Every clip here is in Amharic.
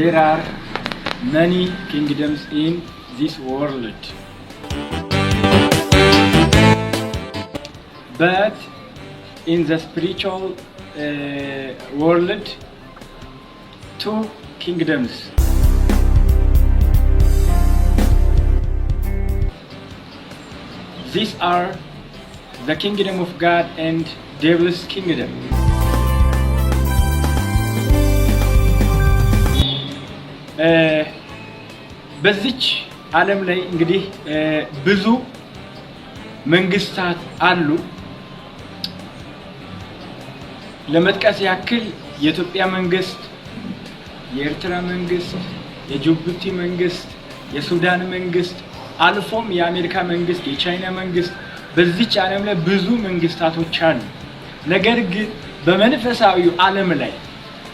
There are many kingdoms in this world. But in the spiritual uh, world, two kingdoms. These are the kingdom of God and devil's kingdom. በዚች ዓለም ላይ እንግዲህ ብዙ መንግስታት አሉ። ለመጥቀስ ያክል የኢትዮጵያ መንግስት፣ የኤርትራ መንግስት፣ የጅቡቲ መንግስት፣ የሱዳን መንግስት አልፎም የአሜሪካ መንግስት፣ የቻይና መንግስት በዚች ዓለም ላይ ብዙ መንግስታቶች አሉ። ነገር ግን በመንፈሳዊ ዓለም ላይ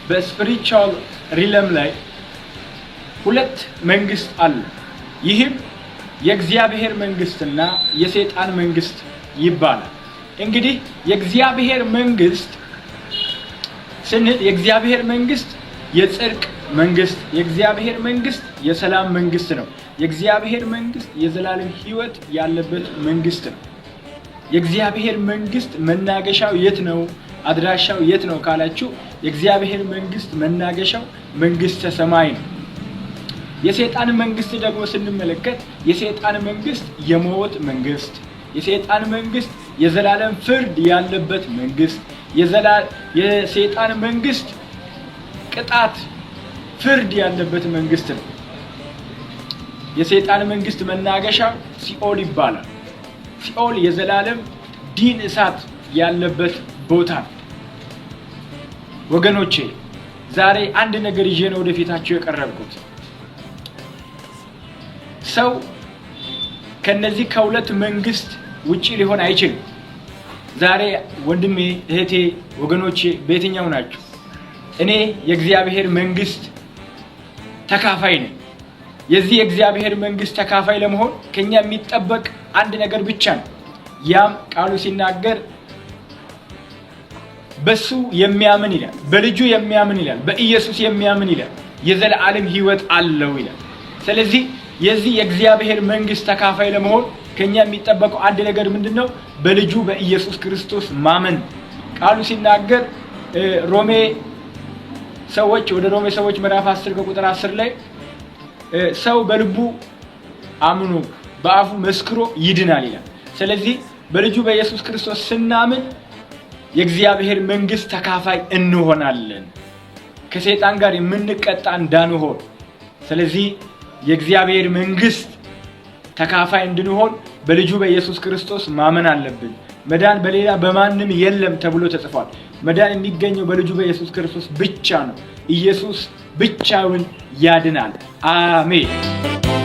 በስፒሪቹዋል ሪለም ላይ ሁለት መንግስት አለ። ይህም የእግዚአብሔር መንግስትና የሰይጣን መንግስት ይባላል። እንግዲህ የእግዚአብሔር መንግስት ስንል የእግዚአብሔር መንግስት የጽድቅ መንግስት፣ የእግዚአብሔር መንግስት የሰላም መንግስት ነው። የእግዚአብሔር መንግስት የዘላለም ህይወት ያለበት መንግስት ነው። የእግዚአብሔር መንግስት መናገሻው የት ነው? አድራሻው የት ነው ካላችሁ የእግዚአብሔር መንግስት መናገሻው መንግስተ ሰማይ ነው። የሰይጣን መንግስት ደግሞ ስንመለከት የሰይጣን መንግስት የሞት መንግስት፣ የሰይጣን መንግስት የዘላለም ፍርድ ያለበት መንግስት፣ የሰይጣን መንግስት ቅጣት፣ ፍርድ ያለበት መንግስት ነው። የሰይጣን መንግስት መናገሻ ሲኦል ይባላል። ሲኦል የዘላለም ዲን እሳት ያለበት ቦታ ነው። ወገኖቼ ዛሬ አንድ ነገር ይዤ ነው ወደፊታቸው የቀረብኩት። ሰው ከነዚህ ከሁለት መንግስት ውጭ ሊሆን አይችልም። ዛሬ ወንድሜ፣ እህቴ፣ ወገኖቼ በየትኛው ናቸው? እኔ የእግዚአብሔር መንግስት ተካፋይ ነኝ። የዚህ የእግዚአብሔር መንግስት ተካፋይ ለመሆን ከኛ የሚጠበቅ አንድ ነገር ብቻ ነው። ያም ቃሉ ሲናገር በሱ የሚያምን ይላል፣ በልጁ የሚያምን ይላል፣ በኢየሱስ የሚያምን ይላል፣ የዘለዓለም ሕይወት አለው ይላል። ስለዚህ የዚህ የእግዚአብሔር መንግስት ተካፋይ ለመሆን ከኛ የሚጠበቀው አንድ ነገር ምንድን ነው? በልጁ በኢየሱስ ክርስቶስ ማመን። ቃሉ ሲናገር ሮሜ ሰዎች ወደ ሮሜ ሰዎች ምዕራፍ 10 ከቁጥር 10 ላይ ሰው በልቡ አምኖ በአፉ መስክሮ ይድናል ይላል። ስለዚህ በልጁ በኢየሱስ ክርስቶስ ስናምን የእግዚአብሔር መንግስት ተካፋይ እንሆናለን፣ ከሰይጣን ጋር የምንቀጣ እንዳንሆን። ስለዚህ የእግዚአብሔር መንግስት ተካፋይ እንድንሆን በልጁ በኢየሱስ ክርስቶስ ማመን አለብን። መዳን በሌላ በማንም የለም ተብሎ ተጽፏል። መዳን የሚገኘው በልጁ በኢየሱስ ክርስቶስ ብቻ ነው። ኢየሱስ ብቻውን ያድናል። አሜን።